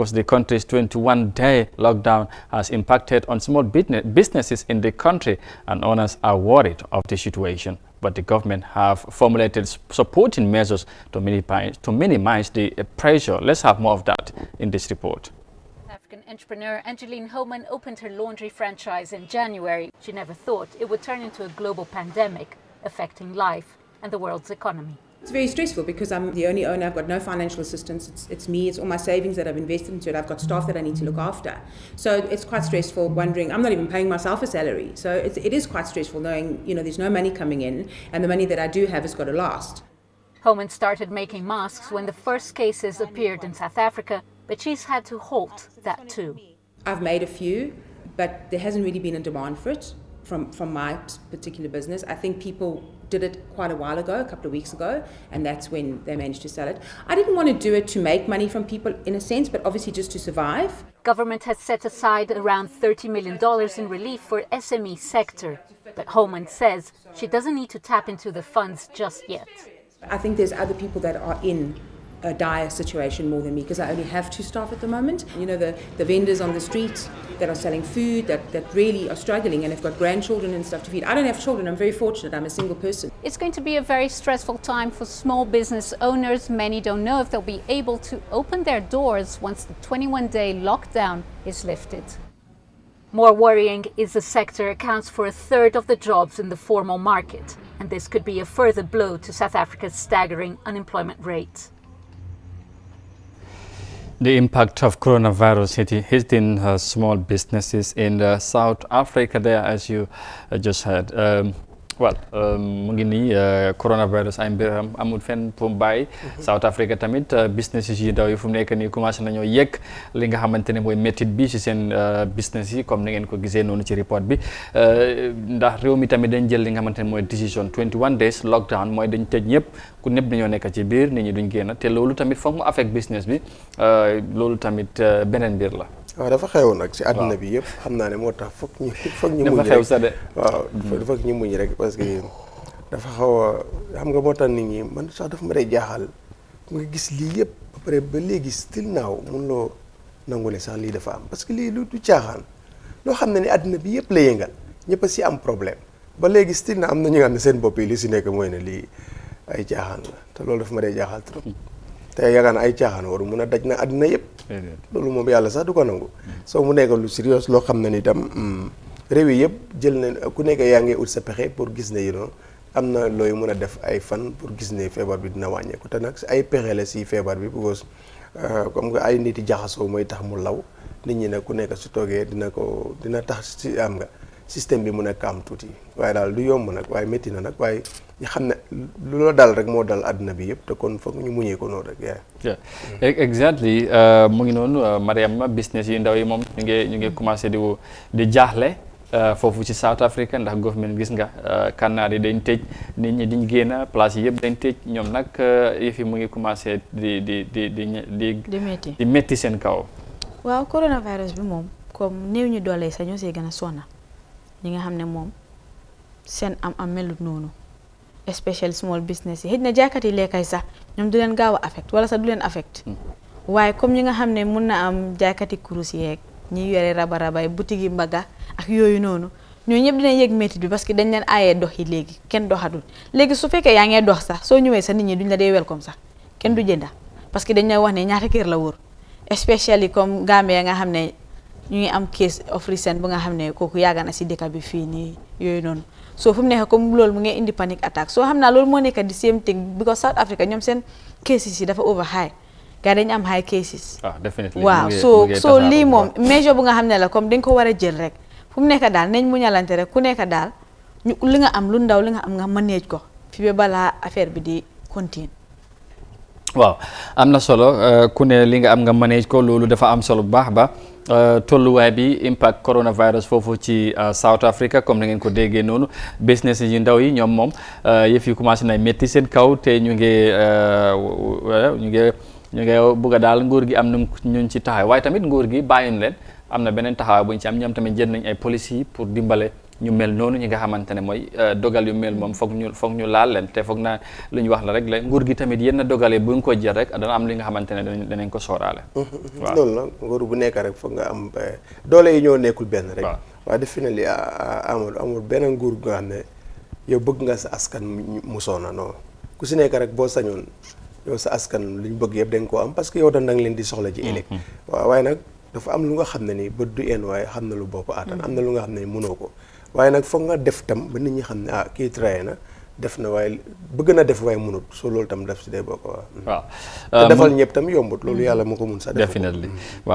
Of course, the country's 21-day lockdown has impacted on small businesses in the country and owners are worried of the situation. But the government have formulated supporting measures to minimize, to minimize the uh, pressure. Let's have more of that in this report. African entrepreneur Angeline Holman opened her laundry franchise in January. She never thought it would turn into a global pandemic affecting life and the world's economy. It's very stressful because I'm the only owner, I've got no financial assistance, it's, it's me, it's all my savings that I've invested into it, I've got staff that I need to look after. So it's quite stressful wondering, I'm not even paying myself a salary. So it's, it is quite stressful knowing, you know, there's no money coming in and the money that I do have has got to last. Homan started making masks when the first cases appeared in South Africa, but she's had to halt that too. I've made a few, but there hasn't really been a demand for it from from my particular business. I think people did it quite a while ago, a couple of weeks ago, and that's when they managed to sell it. I didn't want to do it to make money from people in a sense, but obviously just to survive. Government has set aside around 30 million dollars in relief for SME sector, but Holman says she doesn't need to tap into the funds just yet. I think there's other people that are in a dire situation more than me because I only have two staff at the moment. You know, the, the vendors on the street that are selling food that, that really are struggling and have got grandchildren and stuff to feed. I don't have children, I'm very fortunate, I'm a single person. It's going to be a very stressful time for small business owners. Many don't know if they'll be able to open their doors once the 21 day lockdown is lifted. More worrying is the sector accounts for a third of the jobs in the formal market, and this could be a further blow to South Africa's staggering unemployment rate. The impact of coronavirus hitting, hitting uh, small businesses in uh, South Africa there, as you uh, just heard. Um, voilà euh, mu ngi nii euh, coronavirus ay mbiram amul fenn pour mu bàyyi. Mhm. South Africa tamit euh, business yi daw yi fu mu nekk nii commencé nañoo yegg li nga xamante ne mooy métit bi ci seen business yi comme ni ngeen ko gisee noonu ci report bi ndax réew mi tamit dañ jël li nga xamante ne mooy décision 21 days lockdown mooy dañ tëj ñëpp ku ñëpp dañoo nekk ci biir nit ñi duñ génn te loolu tamit foog mu affect business bi loolu tamit beneen mbir la. waaw dafa xew nag si àdduna bi yëpp xam naa ne moo tax foog ñu foog hmm. ñu muñ rek waaw foog ñu rek parce que dafa xaw a xam nga moo tax nit ñi man sax dafa ma day jaaxal nga gis lii yëpp ba pare ba léegi still naaw mun loo nangu ne sax lii dafa am parce que lii lu du caaxaan loo xam ne ne àdduna bi yëpp la yëngal ñëpp si am problème ba léegi still na am na ñu nga xam ne seen bopp yi li si nekk mooy ne lii ay caaxaan la te loolu dafa ma day jaaxaal trop hmm. te yaakaar ay caaxaan waru mun a daj na àddina yëpp. loolu moom yàlla sax du ko nangu. Mm-hmm. soo mu nekk lu sérieux loo xam ne ni tam mm, réew yi yëpp jël nañ ku nekk yaa ngi ut sa pexe pour gis ne yéen am na looy mun a def ay fan pour gis ne feebar bi dina wàññeeku te nag si ay pexe la si feebar bi parce que euh, comme que ay nit yi jaxasoo mooy tax mu law nit ñi ne ku nekk si toogee dina ko dina tax si am nga. système bi mu nekk am tuuti waaye daal du yomb nag waaye métti na nag waaye xam ne lu la dal rek moo dal àddina bi yëpp te kon foog ñu muñee ko noonu rek yaa e-, exactly euh, mu ngi noonu euh, Mariama business yu ndaw yi moom ñu ngi ñu ngi commencé di di jaaxle euh, foofu ci South Africa ndax government gis nga kànnaar yi dañ tëj nit ñi diñ génn place yi yëpp dañ tëj ñoom nag yëf yi mu ngi commencé di di di di di di seen kaw waaw coronavirus bi moom comme néew ñu doole sañoo see gën a sonna ñi nga xamne sen sen am am melut nonu especially small business yi hejna na jaaykat yi sax ñom du len gaaw affect wala sax du len affect mm. waye comme ñi nga xamne mën na am jakati kurusi yek ñi yore raba buti boutique mbaga ak yoyu nonu ñoo ñep dina yegg metti bi parce que dañ leen ayé dox yi sa, so nyuwe léegi su fekkee ya ngay dox sax so sa nit ñi duñ la welcome sax ken du jënda parce que dañ lay wax né ñaata kër la wër especially comme Gambia nga hamne. ñu ngi am case of recent bu nga xam ne kooku yàgg na si dëkk bi fii nii yooyu noonu soo fu mu nekk comme loolu mu ngi indi panic attack soo xam naa loolu moo nekk di same thing because South Africa ñoom seen cases yi dafa over high gars dañu am high cases. ah definitely waaw soo soo lii moom mesure bu nga xam ne la comme dañ ko war a jël rek fu mu nekk daal nañ mu ñalante rek ku nekk daal ñu li nga am lu ndaw li nga am nga manage ko fi ba balaa affaire bi di continue waaw am na solo euh, ku ne li nga am nga manage ko loolu dafa am solo bu baax ba euh, tolluwaay bi impact coronavirus foofu ci euh, South Africa comme ni ngeen ko déggee noonu business yi ndaw yi ñoom moom yëf yi commencé na métti seen kaw te ñu ngi ñu ngi ñu ngi bëgg a daal nguur gi am na ñu ci taxaw waaye tamit nguur gi bàyyin leen am na beneen taxawaay bu ñu ci am ñoom tamit jël nañ ay policy pour dimbale. ñu mel noonu ñi nga xamante ne mooy euh, dogal yu mel moom foog ñu foog ñu laal leen te foog naa lu ñu wax la rek la nguur gi tamit yenn dogale bu ñu ko jël rek dana am li nga xamante ne danañ ko sooraale. waaw loolu la bu nekk rek foog nga am euh, doole yi ñoo nekkul benn rek. waaw waaye defe naa li amul amul benn nguur nga xam ne yow bëgg nga sa askan mu soona non ku si nekk rek boo sañoon yow sa askan lu ñu bëgg yëpp dañ koo am parce que yow da nga leen di soxla ci ëllëg. waaw waaye nag dafa am lu nga xam ne nii bët du een waaye xam na lu bopp aatan am na lu nga xam ne mënoo ko waaye nag foog nga def tam ba nit ñi xam ne ah kii traité na def na waaye bëgg na def waaye mënut soo loolu tam def si day bokk waaw. waaw te ah, defal ñëpp tam yombut loolu mm. yàlla moo ko mun sax. def li